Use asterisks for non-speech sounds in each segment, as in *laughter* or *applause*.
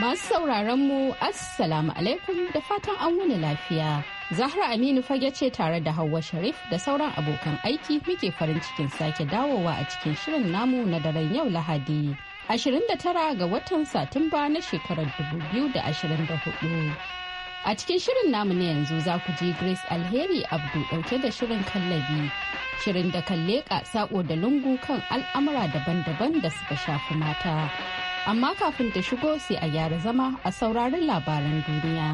Masu sauraron mu Assalamu alaikum da fatan an wuni lafiya. Zahra Aminu fage ce tare da Hauwa Sharif da sauran abokan aiki muke farin cikin sake dawowa a cikin shirin namu na daren yau Lahadi. 29 ga watan Satumba na shekarar 2024. A cikin shirin namu na yanzu za ku ji Grace Alheri Abdu ɗauke da shirin kallabi. Shirin da kan leƙa saƙo da lungu kan al'amura daban-daban da suka shafi mata. amma kafin ta shigo sai a gyara zama a sauraron labaran duniya.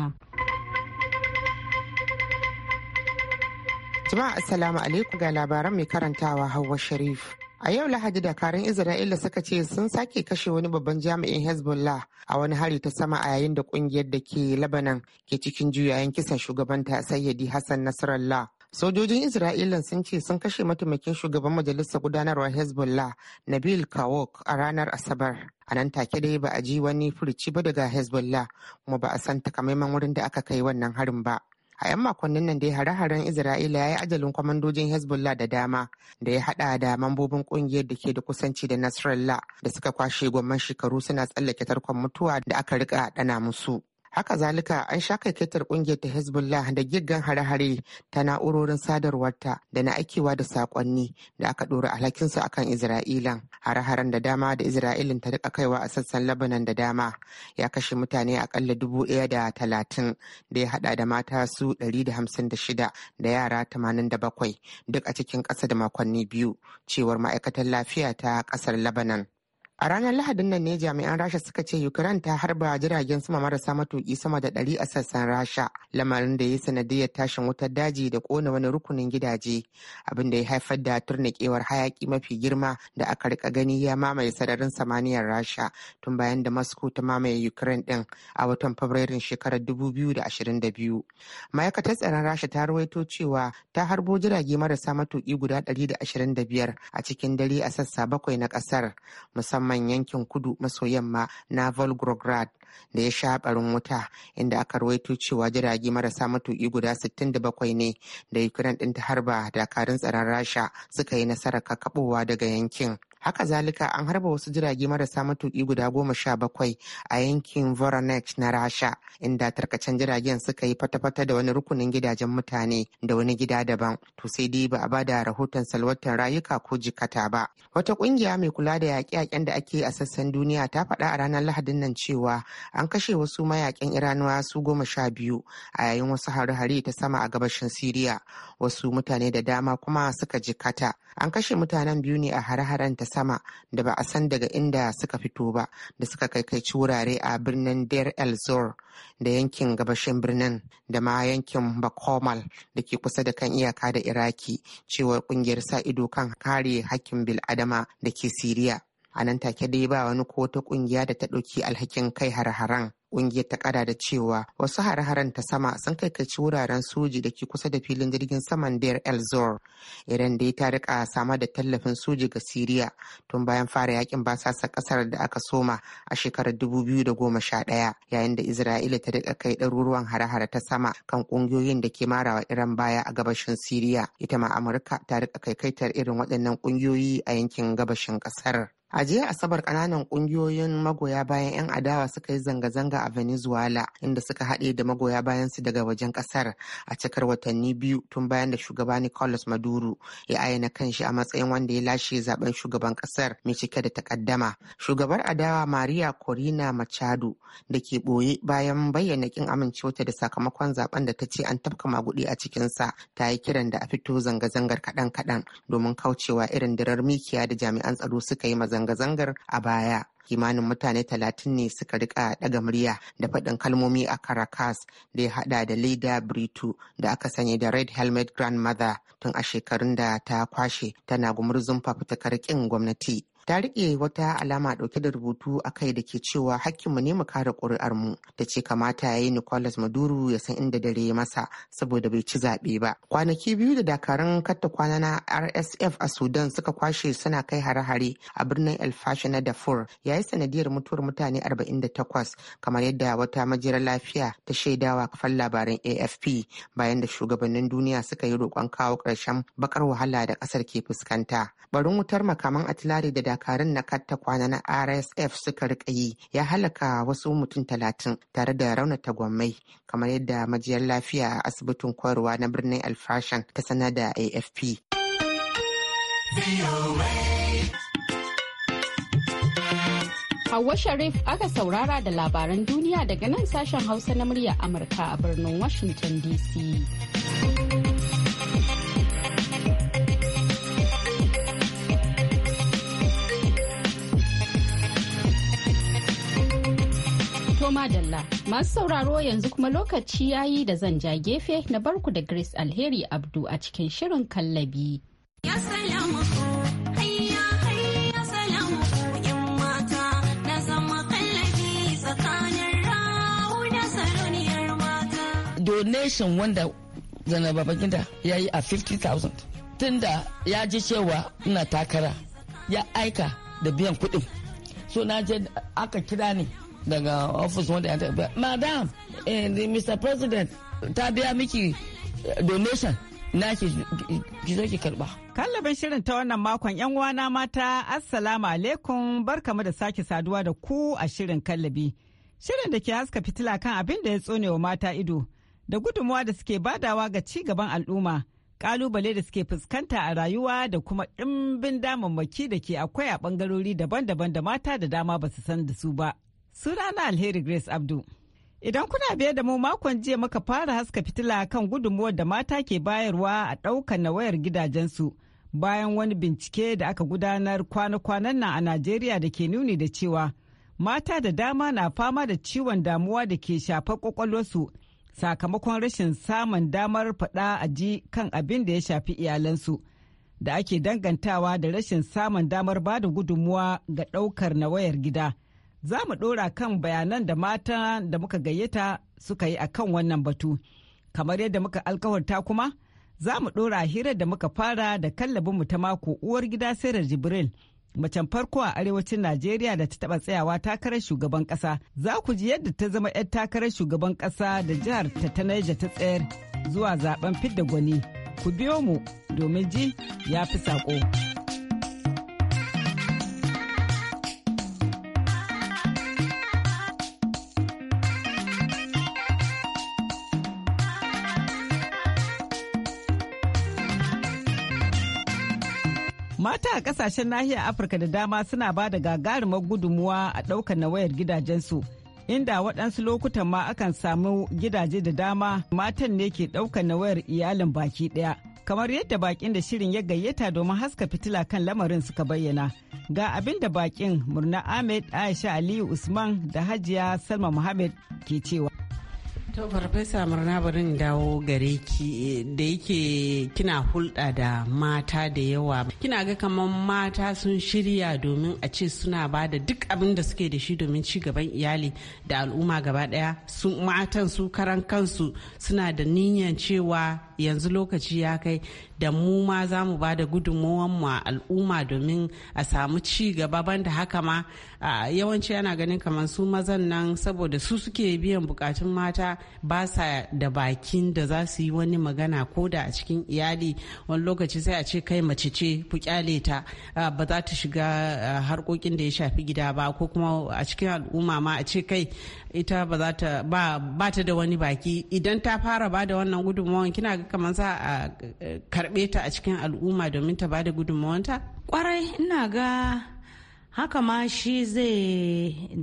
Jama'a Assalamu alaikum ga labaran mai karantawa Hauwa Sharif. A yau Lahadi da karin Isra'ila suka ce sun sake kashe wani babban jami'in Hezbollah a wani hari ta sama a yayin da kungiyar da ke Lebanon ke cikin juyayen kisan shugabanta Sayyidi Hassan Nasrallah. sojojin isra'ila sun ce sun kashe mataimakin shugaban majalisar gudanarwar hezbollah nabil kawok a ranar asabar a nan take dai ba a ji wani firci ba daga hezbollah kuma ba a san takamaiman wurin da aka kai wannan harin ba a 'yan makonnin nan dai hare-haren isra'ila ya yi ajalin kwamandojin hezbollah da dama da ya haɗa da mambobin ƙungiyar da ke da kusanci da nasrallah da suka kwashe gwamman shekaru suna tsallake tarkon mutuwa da aka rika dana musu haka zalika an sha kaikaitar kungiyar ta hezbollah da giggan hare-hare ta na'urorin sadarwarta da na aikewa da sakonni da aka ɗora alhakinsu akan israila hare-haren da dama da isra'ilin ta rika kaiwa a sassan labanan da dama ya kashe mutane akalla dubu ɗaya da talatin da ya hada da mata su ɗari da hamsin da shida da yara tamanin da bakwai duk a cikin ƙasa da makonni biyu cewar ma'aikatar lafiya ta ƙasar labanan A ranar Lahadin nan ne jami'an Rasha suka ce Ukraine ta harba jiragen sama marasa matuki sama da ɗari a sassan Rasha, lamarin da ya sanadiyar tashin wutar daji da kona wani rukunin gidaje, abin da ya haifar da turnakewar hayaki mafi girma da aka rika gani ya mamaye sararin samaniyar Rasha tun bayan da Moscow ta mamaye Ukraine ɗin a watan Fabrairun shekarar 2022. Ma'aikatar tsaron Rasha ta rawaito cewa ta harbo jirage marasa matuki guda 125 a cikin dare a sassa bakwai na ƙasar, musamman musamman yankin kudu maso yamma na volgograd da ya sha barin wuta inda aka rawaito cewa jirage marasa matuki guda 67 ne da ukraine ɗin ta harba dakarun tsaron rasha suka yi nasarar kakabowa daga yankin haka zalika an harba wasu jirage marasa matuki guda goma sha bakwai a yankin voronezh na rasha inda tarkacen jiragen suka yi fata-fata da wani rukunin gidajen mutane da wani gida daban to sai dai ba a ba da rahoton salwatar rayuka ko jikata ba wata ƙungiya mai kula da yaƙe-yaƙen da ake a sassan duniya ta faɗa a ranar lahadin nan cewa an kashe wasu mayaƙen Iranuwa su goma sha biyu a yayin wasu hare-hare ta sama a gabashin siriya wasu mutane da dama kuma suka jikata an kashe mutanen biyu ne a hare-haren ta sama da ba a san daga inda suka fito ba da suka kai kai wurare a birnin Deir el Zor da yankin gabashin birnin da ma yankin Bakomal da ke kusa da kan iyaka da Iraki cewar kungiyar sa ido kan kare hakkin bil'adama da ke Siriya. A nan take dai ba wani ko ta kungiya da ta ɗauki alhakin kai har haran. Ƙungiyar ta kada da cewa wasu har haren ta sama sun kai kaci wuraren soji da ke kusa da filin jirgin saman Deir El Zor. Idan dai ta rika sama da tallafin soji ga Siriya tun bayan fara yakin basasa ƙasar da aka soma a shekarar 2011 yayin da Isra'ila ta rika kai ɗaruruwan har hare ta sama kan ƙungiyoyin da ke marawa Iran baya a gabashin Siriya. Ita ma Amurka ta rika kai kaikaitar irin waɗannan ƙungiyoyi a yankin gabashin ƙasar. A jiya Asabar kananan kungiyoyin magoya bayan 'yan adawa suka yi zanga-zanga a Venezuela inda suka haɗe da magoya bayan su daga wajen ƙasar a cikar watanni biyu tun bayan da shugaba Nicolas Maduro ya ayyana kanshi a matsayin wanda ya lashe zaben shugaban ƙasar mai cike da takaddama. Shugabar adawa Maria Corina Machado da ke ɓoye bayan bayyana kin amincewata da sakamakon zaben da ta ce an tafka magudi a cikinsa ta yi kiran da a fito zanga-zangar kaɗan-kaɗan domin kaucewa irin dirar mikiya da jami'an tsaro suka yi maza zanga-zangar a baya. kimanin mutane talatin ne suka rika daga murya da faɗin kalmomi a Caracas da ya haɗa da Leda Brito da aka sanya da Red Helmet Grandmother tun a shekarun da ta kwashe tana gumurzun fafutukar ƙin gwamnati. ta riƙe wata alama ɗauke da rubutu a kai da ke cewa hakkinmu ne mu kare ƙuri'armu ta ce kamata ya yi Nicolas Maduro ya san inda dare masa saboda bai ci zaɓe ba. Kwanaki biyu da dakarun katta kwana na RSF a Sudan suka kwashe suna kai hare-hare a birnin El Fasher na Darfur ya yi sanadiyar mutuwar mutane arba'in da 48 kamar yadda wata majiyar lafiya ta shaidawa kafan labaran AFP bayan da shugabannin duniya suka yi roƙon kawo ƙarshen baƙar wahala da ƙasar ke fuskanta. Barin wutar makaman atilari da dakarun na katta kwana na rsf suka rika yi ya halaka wasu mutum talatin tare da raunata tagwammai kamar yadda majiyar lafiya a asibitin koyarwa na birnin alfashan ta sanar da afp Hauwa Sharif aka saurara da labaran duniya daga nan sashen Hausa na murya Amurka a birnin Washington DC. Madalla. Masu sauraro yanzu kuma lokaci yayi da zan ja gefe na barku da Grace Alheri Abdu a cikin shirin kallabi. Ya donation wanda zanar babaginda ya yi a 50,000 tunda ya ji cewa ina takara ya aika da biyan kuɗin so na je aka kira ni daga ofis wanda ya tafiya madam and eh, mr president ta biya miki eh, donation na ki zo ki karba. Kallabin shirin ta wannan makon yan uwana mata assalamu alaikum barkamu da sake saduwa da ku a shirin kallabi. Shirin da ke haska fitila kan abin da ya tsone wa mata ido da gudunmuwa da suke badawa ga ci gaban al'umma. Kalubale da suke fuskanta a rayuwa da kuma ɗimbin damammaki da ke akwai a ɓangarori daban-daban da mata da dama ba su san da su ba Sunana Alheri Grace Abdu. Idan kuna biye da mu makon jiya muka fara haska fitila kan gudunmuwar da mata ke bayarwa a ɗaukar na wayar gidajensu bayan wani bincike da aka gudanar kwana-kwanan nan a Najeriya da ke nuni da cewa mata da dama na fama da ciwon damuwa da ke shafar kwakwalwarsu sakamakon rashin samun damar faɗa a ji kan abin da ya shafi iyalansu da ake dangantawa da rashin samun damar ba da gudunmuwa ga ɗaukar na wayar gida. za mu ɗora kan bayanan da mata da muka gayyata suka yi a kan wannan batu. Kamar yadda muka alkawarta kuma, za mu ɗora hira da muka fara da kallabinmu ta mako uwar gida Sarah Jibril. Macen farko a arewacin Najeriya da ta taɓa tsayawa takarar shugaban ƙasa. Za ku ji yadda ta zama 'yar takarar shugaban ƙasa da jihar ta ta ta tsayar zuwa zaben fidda gwani. Ku biyo mu domin ji ya fi saƙo. a kasashen nahiyar Afirka da dama suna ba da gagarumar gudunmuwa a ɗaukar na wayar gidajensu. Inda waɗansu lokutan ma akan samu gidaje da dama matan ne ke ɗaukar na wayar iyalin baki ɗaya. Kamar yadda bakin da shirin ya gayyata domin haska fitila kan lamarin suka bayyana. Ga abin da bakin Murna Ahmed, Aisha Aliyu Usman da Hajiya Salma Muhammad ke cewa. To farfesa murna barin dawo gare ki eh, da yake kina hulɗa da mata da yawa. Kina ga kamar mata sun shirya domin a ce suna ba da duk abin da suke da shi domin ci gaban iyali da al'umma gaba daya matan su karan kansu suna da niyyar cewa yanzu lokaci ya kai da mu ma za mu ba da gudunmuwan mu al'umma domin a samu ci gaba banda haka ma yawanci yana ganin kamar su mazan nan saboda su suke biyan bukatun mata ba sa da bakin da za su yi wani magana ko da a cikin iyali wani lokaci sai a ce kai mace ce ku kyale ta ba za ta shiga harkokin da ya shafi gida ba ko kuma a cikin al'umma ma a ce kai ita ba ta da wani baki idan ta fara ba da wannan gudunmawan kina kamar za a eh, karɓe ta a cikin al'umma domin ta bada gudunmawanta? Kwarai ina ga haka ma shi zai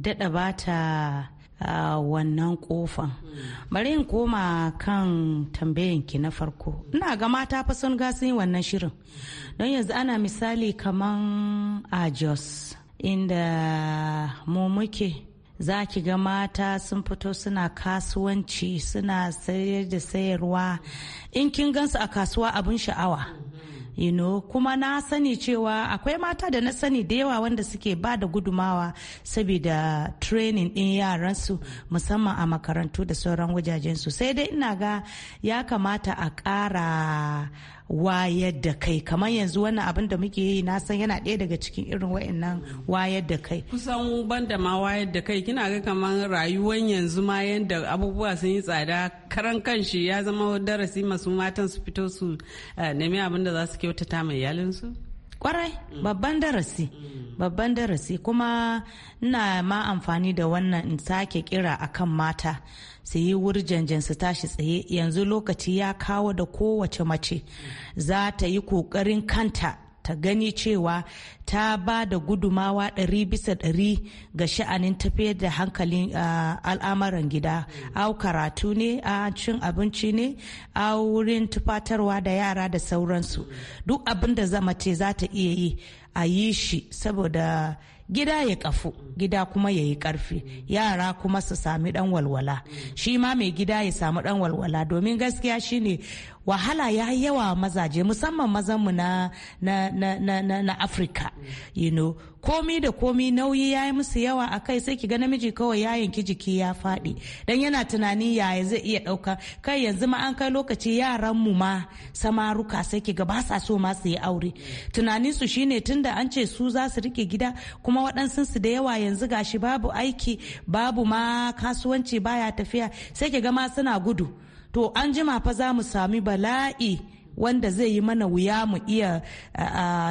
daɗa bata ta wannan kofan bari in koma kan tambayan ki na farko ina ga mata fa sun ga wannan shirin don yanzu ana misali kamar a jos inda mu muke za ki ga mata sun fito suna kasuwanci suna sayar da sayarwa in kin gansu a kasuwa abin sha'awa you know kuma na sani cewa akwai mata da na sani da yawa wanda suke ba da gudumawa saboda training din yaransu musamman a makarantu da sauran wajajensu sai dai ina ga ya kamata a ƙara wayar da kai kamar yanzu wannan abin da muke yi na san yana ɗaya daga cikin irin wayannan wayar da kai kusan ban da ma wayar da kai kina ga kamar rayuwar yanzu ma yanda abubuwa sun yi tsada karan kanshi ya zama darasi masu matan su fito su eh, nemi abin da za su kyautata mai iyalinsu kwarai mm. babban darasi mm. babban darasi kuma ina ma amfani da wannan in sake kira akan mata su yi wurjanjan su tashi tsaye yanzu lokaci ya kawo da kowace mace mm. za ta yi kokarin kanta ta gani cewa ta ba da gudumawa ɗari bisa ɗari ga sha'anin tafiyar da hankalin al'amuran gida au karatu ne a cin abinci ne a wurin tufatarwa da yara da sauransu duk abin da zama ce za ta iya yi a yi shi saboda gida ya kafu gida kuma ya yi karfi yara kuma su sami dan walwala shi ma mai gida ya samu dan walwala domin gaskiya shine wahala ya yawa mazaje musamman mazanmu na na afirka you komi da komi nauyi ya yi musu yawa a kai sai ki ga namiji kawai ya yanki jiki ya faɗi dan yana tunani yaya zai iya ɗauka kai yanzu ma an kai lokaci yaran mu ma samaruka sai ki ga ba sa so ma su yi aure tunanin su shine tunda an ce su za su rike gida kuma waɗansu su da yawa yanzu gashi babu aiki babu ma kasuwanci baya tafiya sai ki ga ma suna gudu to an jima fa za mu sami bala'i wanda zai yi mana wuya mu iya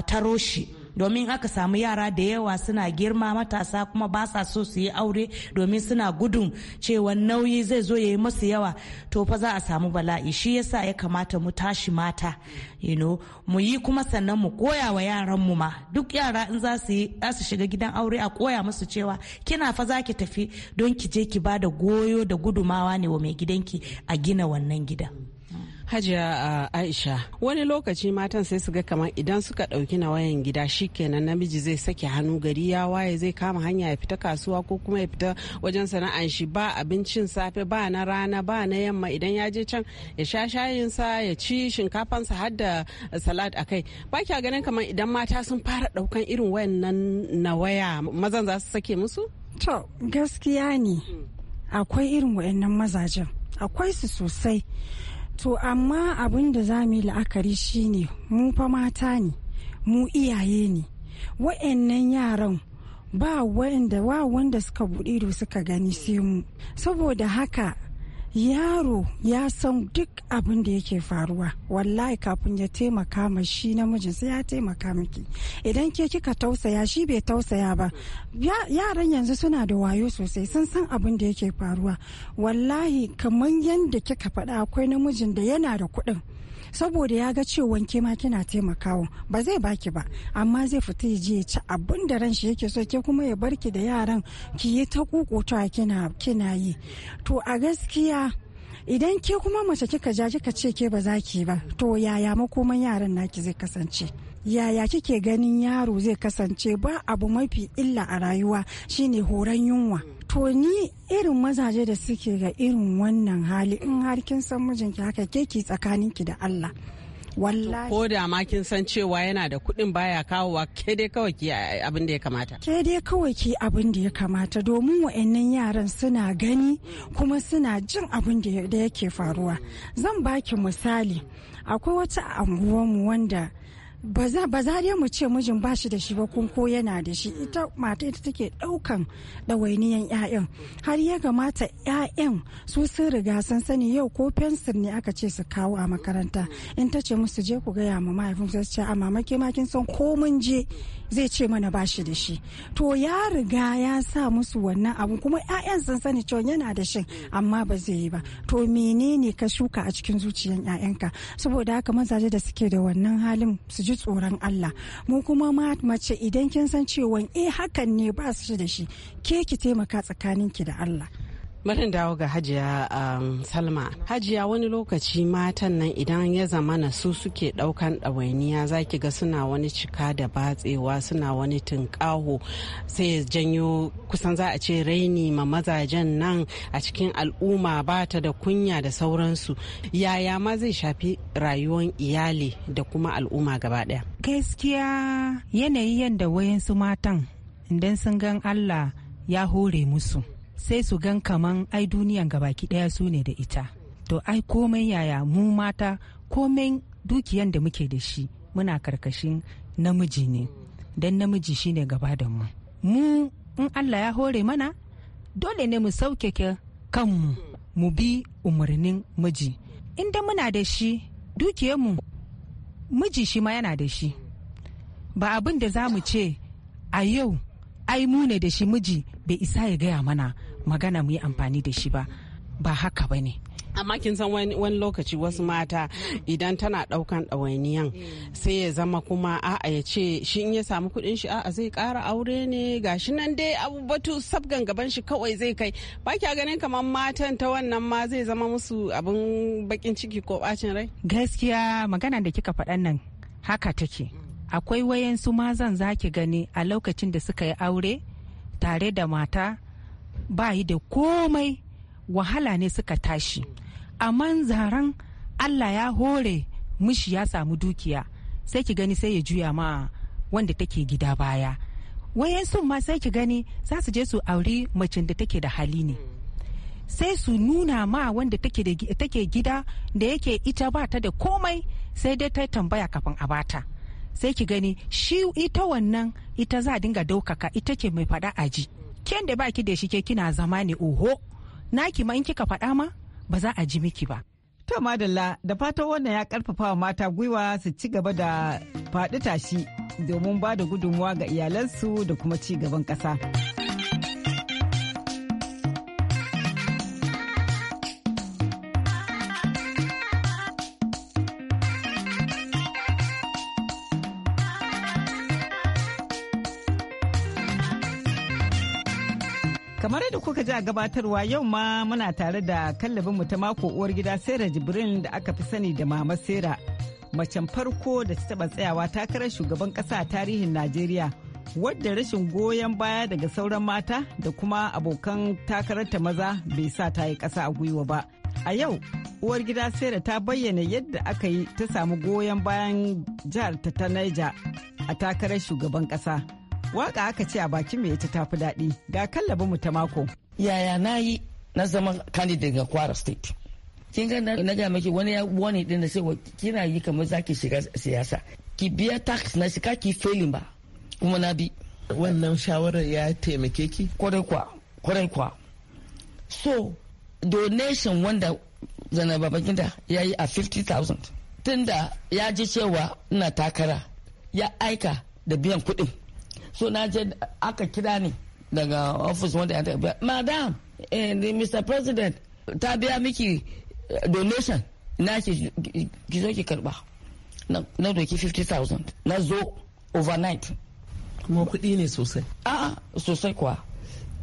taro shi. domin aka samu yara da yawa suna girma matasa kuma ba sa so su yi aure domin suna gudun cewa nauyi zai zo ya yi masu yawa to fa za a samu bala'i shi yasa ya kamata mu tashi mata you know mu yi kuma sannan mu koya wa yaran mu ma duk yara in za su yi za su shiga gidan aure a koya musu cewa kina fa za ki tafi don ki je ki ba da goyo da gudumawa ne wa mai gidanki a gina wannan gidan. hajiya aisha wani lokaci matan sai su ga kamar idan suka ɗauki na wayan gida shikenan namiji zai sake hannu gari ya waye zai kama hanya ya fita kasuwa ko kuma ya fita wajen sana'an shi ba abincin safe ba na rana ba na yamma idan ya je can ya sha shayinsa ya ci shinkafansa har da salad a kai ba kya ganin kamar idan mata sun fara ɗaukan irin wayannan na waya mazan za su sake musu to gaskiya ne akwai irin wayannan mazajen akwai su sosai To amma abin da za mu yi la'akari shi ne mu fa mata ne, mu iyaye ne, wa'annan yaran ba wanda wa wanda suka buɗe ido suka gani sai mu. Saboda haka yaro ya san duk abin da yake faruwa wallahi kafin ya taimaka ma shi namijin sai ya taimaka miki idan ke kika tausaya shi bai tausaya ba yaran yanzu suna da wayo sosai sun san abin da yake faruwa wallahi kamar yadda kika faɗa akwai namijin da yana da kuɗin saboda ya ga cewa wanke ma kina taimakawa ba zai baki ba amma zai fita ya je ci abin da ran shi yake so ke kuma ya barki da yaran ki yi ta kukuta kina kina yi to a gaskiya idan ke kuma mace kika ja kika ce ke ba za ki ba to yaya makoman yaran naki zai kasance yaya kike ganin yaro zai kasance ba abu mafi illa a rayuwa shine horon yunwa to ni irin mazaje da suke ga irin wannan hali in har kin san mijinki haka ke keki tsakaninki da Allah wallahi ko da ma kin san cewa yana da kuɗin baya kawowa ke dai kawai ki eh, abin da ya kamata ke dai kawai ki abin da ya kamata domin wa'annan yaran suna gani kuma suna jin abin da yake faruwa zan baki misali akwai wata anguwanmu wanda ba za dai mu ce mijin ba shi da shi ba kun ko yana da shi ita mata ita take daukan ɗawainiyan 'ya'yan har ya gamata 'ya'yan su sun riga sun sani yau ko fensir ne aka ce su kawo a makaranta in ta ce musu je ku gaya ma mahaifin su ce a mama ke kin san ko mun je zai ce mana ba shi da shi to ya riga ya sa musu wannan abu kuma 'ya'yan sun sani cewa yana da shi amma ba zai yi ba to menene ka shuka a cikin zuciyan 'ya'yanka saboda haka mazaje da suke da wannan halin su ji tsoron Allah mu kuma mace idan kin san cewa eh hakan ne ba su da shi ke ki taimaka tsakanin ki da Allah Barin dawo ga Hajiya um, Salma. Hajiya wani lokaci matan nan idan ya zama na su suke ɗaukan ɗawainiya za ki ga suna wani cika da batsewa suna wani tunƙaho sai ya janyo kusan za a ce raini ma mazajen nan a cikin al'umma ba ta da kunya da sauransu. Yaya ma zai shafi rayuwar iyali da kuma al'umma gaba ɗaya. Gaskiya yanayi yadda wayansu matan idan sun gan Allah ya hore musu. sai su gan kaman ai duniyan gabaki daya su ne da ita to ai komai yaya mu mata komai dukiyan da muke da shi muna karkashin namiji ne don namiji shine gaba da mu mu in allah ya hore mana dole ne mu sauke kanmu mu bi umarnin miji inda muna da shi dukiyarmu miji shi ma yana da shi ba abin da za mu ce a yau ai mu ne da shi miji bai isa ya gaya mana magana mu yi amfani da shi ba ba haka ba ne amma kin san wani lokaci wasu mata idan tana daukan ɗawainiyan mm. sai ya zama kuma a'a ya ce shi in ya samu kuɗin shi a'a zai ƙara aure ne gashi nan dai abubatu sabgan gaban shi kawai zai kai ba kya ganin kamar matan ta wannan ma zai zama musu abin bakin ciki ko bacin rai gaskiya magana da kika faɗan nan haka take mm. akwai wayansu mazan zaki gani a lokacin da suka yi aure tare da mata ba bayi da komai wahala ne suka tashi amma zaren allah ya hore mishi ya samu dukiya sai ki gani sai ya juya ma wanda take gida baya wayansu ma sai ki gani za su je su auri macin da take da hali ne sai su nuna ma wanda take gida da yake ita ba ta da komai sai dai ta tambaya kafin a bata sai ki gani shi ita wannan ita za a dinga daukaka ita ke mai fada aji ken da baki da shi ke kina zama ne oho naki ma in kika faɗa ma ba za a ji miki ba To madalla da fatan wannan ya karfafa wa mata gwiwa su ci gaba da faɗi tashi domin ba da gudunmuwa ga iyalansu da kuma ci gaban ƙasa. kamar yadda kuka ji a gabatarwa yau ma muna tare da kallabin mu ta mako uwar gida sera jibrin da aka fi sani da mama sera macen farko da ta taba tsayawa takarar shugaban kasa a tarihin najeriya wadda rashin goyon baya daga sauran mata da kuma abokan takararta maza bai sa ta yi kasa a gwiwa ba a yau uwar gida sera ta bayyana yadda aka yi ta samu goyon bayan jihar ta ta niger a takarar shugaban kasa Waka aka ce a bakin mai ita tafi daɗi ga kallaba mu ta mako. Yaya na yi na zama candidate ga Kwara State. Kin ga na ga maki wani wani din da cewa kina yi kamar zaki shiga siyasa. Ki biya tax na shiga ki failin ba. Kuma na bi. Wannan shawarar ya taimake ki? Kwarai kwa, kwarai kwa. So, donation wanda zana babakinta ya yi a 50,000. Tunda ya ji cewa ina takara ya aika da biyan kuɗin. so na je aka kira ni daga office wanda ya tafiya madam and eh, mr president ta biya miki eh, donation na ki zo ki karba na doki 50,000 na zo overnight kuma kuɗi ne sosai a'a sosai kuwa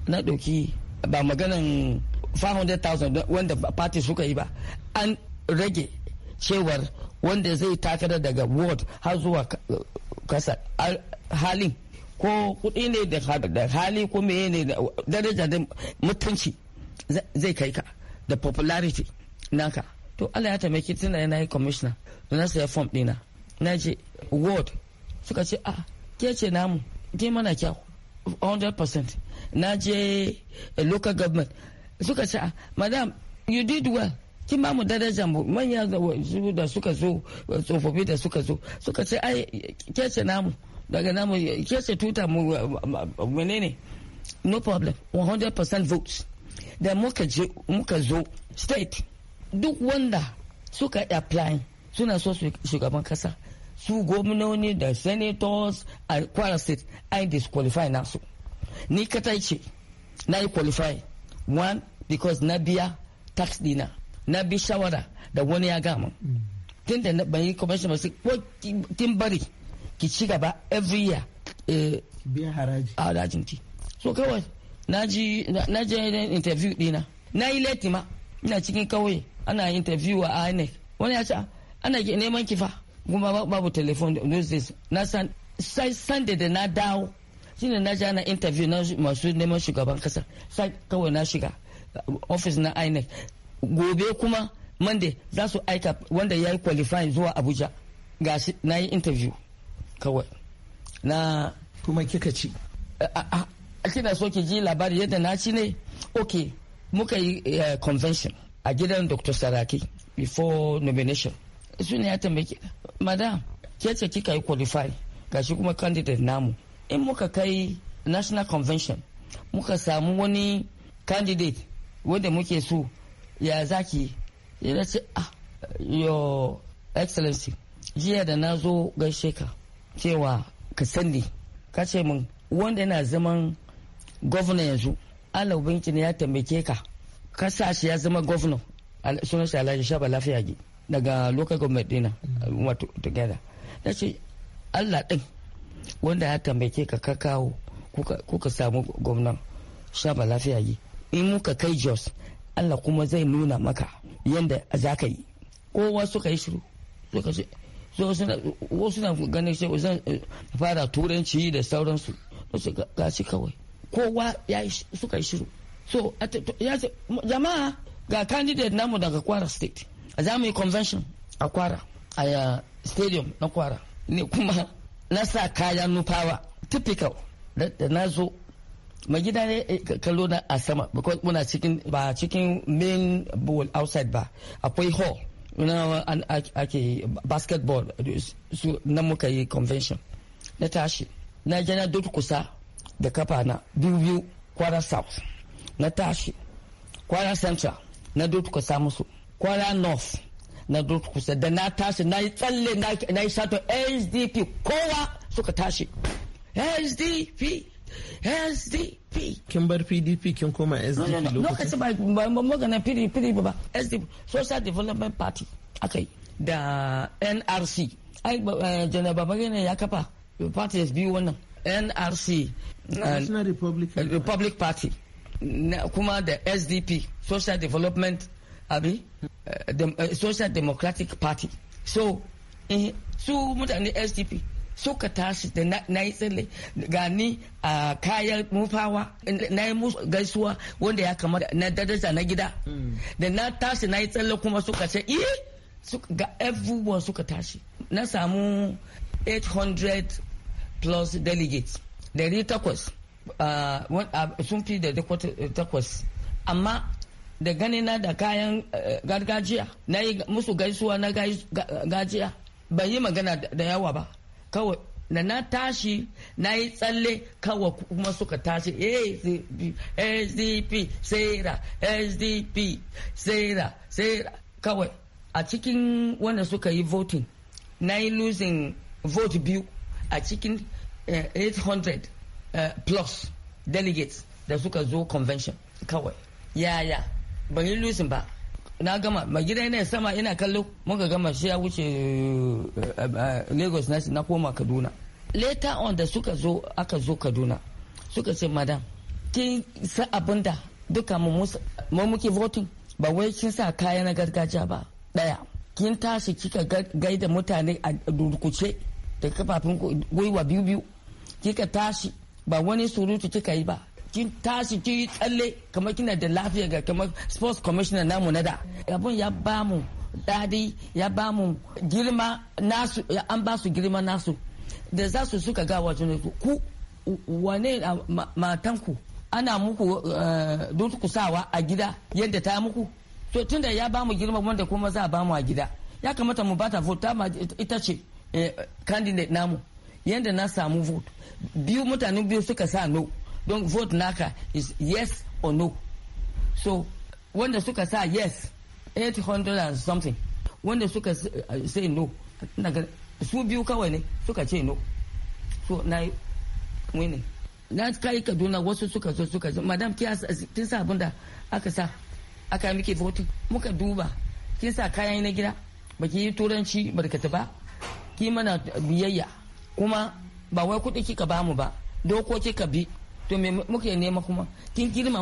na doki ba maganan 500,000 wanda party suka yi ba an rage cewar wanda zai takarar daga ward har zuwa eh, kasa halin ko kuɗi ne da hali ko meye ne daraja da mutunci zai kai ka da popularity naka to Allah ya taimake tun da na yi commissioner da na ya form ɗina na je ward suka ce a ah, ke ce namu ke mana kyau 100% na je eh, local government suka ce a ah, madam you did well kin ba mu daraja mu manya da suka zo tsofaffi da suka zo suka ce ai ke ce namu daga namu kese tuta mu menene no problem 100% votes da muka je muka zo state duk wanda suka apply suna so shugaban kasa su gwamnoni da senators a kwara state i disqualify nasu ni kata ce na yi qualify one because na biya tax dina na bi shawara da wani ya gama mm. tun da na bayi commission ba ko bari ki ci gaba every year eh, biyan haraji a harajin ki so kawai na ji je interview dina na yi leti ma ina cikin kawai ana interview a inec wani ya ce ah, ana neman kifa kuma babu telefon da news days na san sunday da na dawo shine na ji ana interview na masu neman shugaban kasa sai kawai na shiga uh, office na inec gobe kuma monday za su aika wanda ya yi qualifying zuwa abuja ga na yi interview kawai na kuma kika ci a kina so ki ji labari yadda na ci ne ok muka yi eh, convention a gidan dr saraki before nomination su ne ya tambaye madam ke ce kika yi qualify shi kuma candidate namu in muka kai national convention muka samu wani candidate wanda muke so ya zaki ya ce ah your excellency jiya da na zo gaishe ka cewa ka sani ka ce min wanda yana zaman gwamna yanzu allah ubangiji ne ya tambake ka ka sa shi ya zama gwamna sunan shi alhaji shaba lafiya gi daga local government dina mm. wato together na ce allah din wanda ya tambake ka ka kawo kuka samu gwamna shaba lafiya gi in muka kai jos allah kuma zai nuna maka yadda za ka yi kowa suka yi shiru suka ce wasu na ganin shi zan eh, fara turanci da sauransu su ga kawai kowa ya suka yi shiru so jama'a ga candidate namu daga kwara state a za mu yi convention a kwara a stadium na kwara ne kuma na sa kaya nufawa typical da na zo mai gida ne eh, kallo na a sama because muna cikin ba cikin main bowl outside ba akwai hall na ake basketball su nan muka yi convention na tashi na jana duk kusa da kafa na biyu kwara south na tashi kwara central na kusa musu kwara north na kusa da na tashi na yi tsalle na yi sato hdp kowa suka tashi hdp SDP kin bar PDP kin koma SDP lokacin ba ba magana PDP ba SDP Social Development Party akai da NRC ai eh, janar babagana ya kafa parties biyu wannan NRC National Republican eh, Republic Party kuma da SDP Social Development abi eh, Social Democratic Party so su mutane SDP suka tashi da na yi tsalle gani a kayan mufawa na yi musu gaisuwa wanda ya kamata na daraja na gida da na tashi na yi tsalle kuma suka ce yi ga everyone suka tashi na samu 800 plus delegates dari takwas sun fi da takwas amma da ganina da kayan eh, gargajiya na yi musu gaisuwa na gajiya ban yi magana da yawa ba kawai na na tashi na yi tsalle kawai kuma suka tashi sdp sdp sera sdp sera sera kawai a cikin wanda suka yi voting na yi losing vote biyu a cikin 800 eh, eh, plus delegates da suka zo convention kawai yaya ban yi losing ba na gama ma gida ne sama ina kallo muka gama shi ya wuce eh, eh, eh, lagos na koma kaduna later on da suka zo aka zo kaduna suka ce madam ki sa abin da duka mu muke voting ba wai kin sa kaya na gargajiya ba daya kin tashi kika gaida mutane a durkuce da kafafin gwiwa biyu biyu kika tashi ba wani surutu kika yi ba kin tashi ki tsalle kamar kina da lafiya ga kamar sports commissioner namu na da abun ya bamu dadi ya bamu girma nasu an ba su girma nasu da za su suka ga wajen ku wane matanku ana muku eh, durkusawa a gida yadda ta muku to tunda ya bamu girma wanda kuma za a bamu a gida ya kamata mu bata vote ita ce eh, candidate namu yadda na samu vote biyu mutane biyu suka sa no don vote naka is yes or no so wanda suka sa yes 800 and something wanda suka uh, say no su biyu kawai ne suka ce no so na yi winning na kai kaduna wasu suka zo suka zo madam kin sa abinda aka sa aka miki voting muka duba kin sa kayan na gida baki yi turanci barkata ba ki mana biyayya kuma ba wai kuɗi kika bamu ba dokoki ka bi to me muke nema kuma kin girma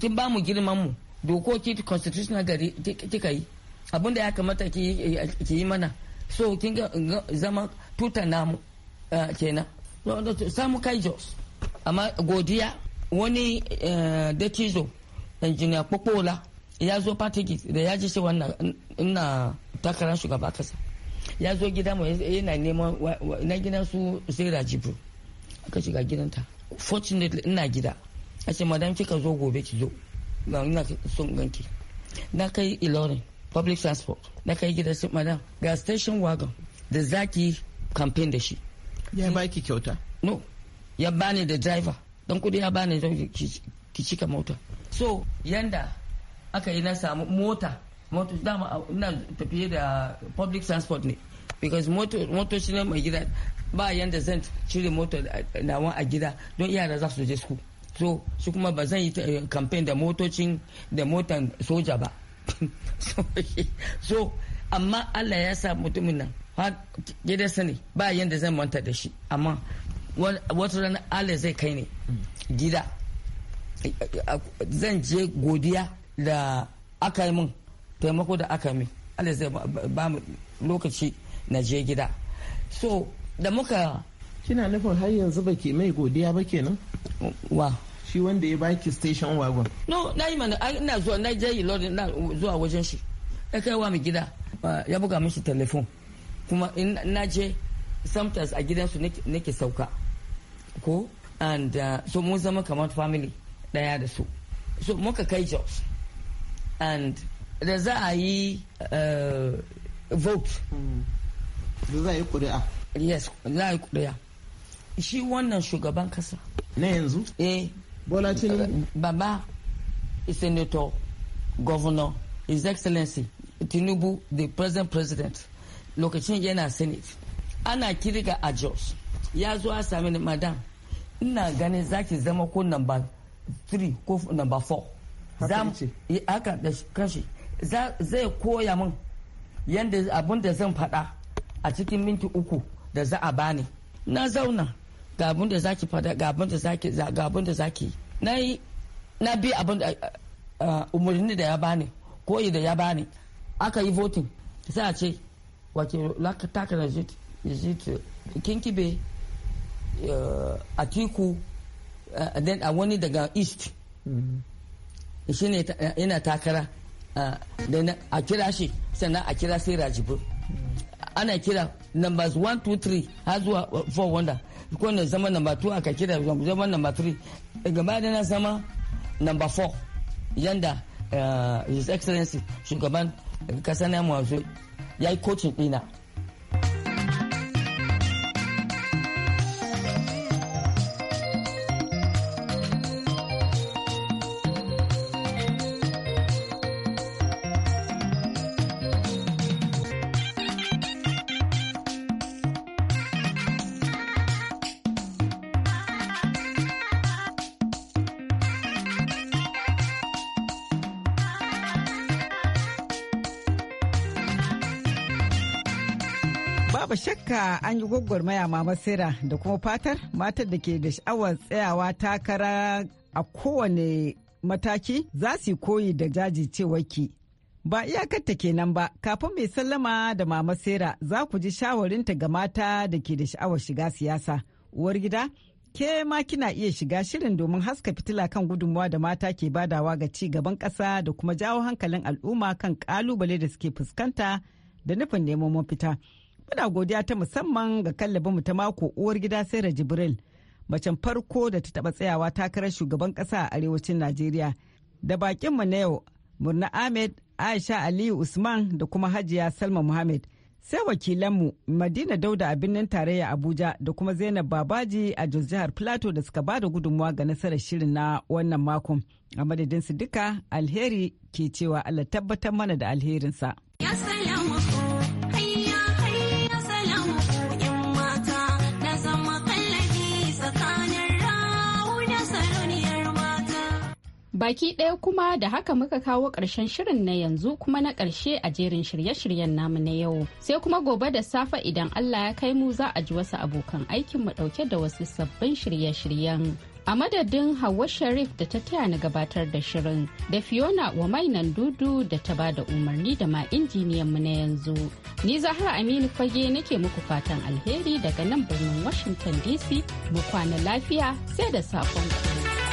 kin ba mu girman mu dokoki constitutional gari kika yi abinda ya kamata ki yi mana so kin zama tuta namu kenan samu kai jos amma godiya wani tizo injiniya popola ya zo patigis da ya ji cewa ina takarar shugaba kasa ya zo gida mu yana neman na gidan su sai rajibu aka shiga gidanta fortunately ina gida a ce madam kika zo gobe ki zo ga ina son ganki na kai ilorin public transport na kai gida sai madam ga station wagon da zaki campaign da shi ya baki kyauta no ya bani da driver dan kudi ya bani don ki cika mota so yanda aka yi na samu mota mota dama ina tafiye da public transport ne because motoci mai gida ba yanda zan cire na eh, nawa a gida don yara za su je su so su kuma ba zan yi eh, campaign da motocin da motan soja ba *laughs* so amma allah ya sa mutumin nan ha gida sani ba yanda zan manta da shi amma wata rana allah zai kai ne gida eh, zan je godiya da aka yi min taimako da aka yi min allah zai ba mu lokaci na je gida so da muka kina nufin har yanzu baki mai godiya ba kenan wa shi wanda ya baki station wagon no na yi mana ina zuwa na je lori na zuwa wajen shi ya kai wa mu gida ya buga mishi telefon kuma na je sometimes a gidansu nake sauka ko and uh, so mun zama kamar family daya da su so muka kai jos and da za a yi uh, vote mm. da za a yi kuri'a yes za a yi kuri'a shi wannan shugaban kasa na yanzu eh bola tinubu baba senator governor his excellency tinubu the present president lokacin yana senate ana kirga a jos ya zo a sami ni madam ina ganin zaki zama ko number three ko number 4 eh, haka da kashi zai koya min yadda abin da zan faɗa a cikin minti uku da za a bani na zauna ga abin da zaki fada ga abin da zaki ga abin da zaki na yi na bi abin da umarni da ya bani koyi da ya bani aka yi voting sai a ce wace laka taka da kinkibe atiku then a wani daga east shi ne yana takara a kira shi sannan a kira sai rajibu ana kira numbers 1 2 3 har zuwa 4 uh, wanda ko ne zama number 2 aka kira um, zama number 3 gaba da na zama number 4 yanda uh, his excellency shugaban kasa uh, na ya yi coaching dina an yi gwaggwarmaya mama sera da kuma fatar matar da ke da sha'awar tsayawa takara a kowane mataki za su koyi da jaji jajircewarki. Ba iyakarta kenan ba, kafin mai sallama da mama sera za ku ji shawarinta ga mata da ke da sha'awar shiga siyasa. Uwar gida, ke ma kina iya shiga shirin domin haska fitila kan gudunmuwa da mata ke badawa ga ci gaban ƙasa da kuma jawo hankalin al'umma kan ƙalubale da suke fuskanta da nufin neman mafita. Muna godiya ta musamman ga kallabinmu ta mako uwar gida Sarah Jibril, macen farko da ta taba tsayawa takarar shugaban kasa a arewacin Najeriya. Da bakinmu na yau, Murna Ahmed, Aisha Aliyu Usman da kuma Hajiya Salma Muhammad. Sai wakilanmu Madina Dauda a birnin tarayya Abuja da kuma Zainab Babaji a Jos jihar Plateau da suka bada gudunmuwa ga nasarar shirin na wannan makon. A madadinsu duka alheri ke cewa Allah tabbatar mana da alherinsa. Baki ɗaya kuma da haka muka kawo ƙarshen shirin na yanzu kuma na ƙarshe a jerin shirye-shiryen namu na yau. Sai kuma gobe da safe idan Allah ya kai mu za a ji wasu abokan aikin mu ɗauke da wasu sabbin shirye-shiryen. A madadin Hauwa Sharif da ta taya ni gabatar da shirin da Fiona wa mainan dudu da ta ba da umarni da ma injiniyan mu na yanzu. Ni Zahra Aminu Fage nake muku fatan alheri daga nan birnin Washington DC mu kwana lafiya sai da safon ku.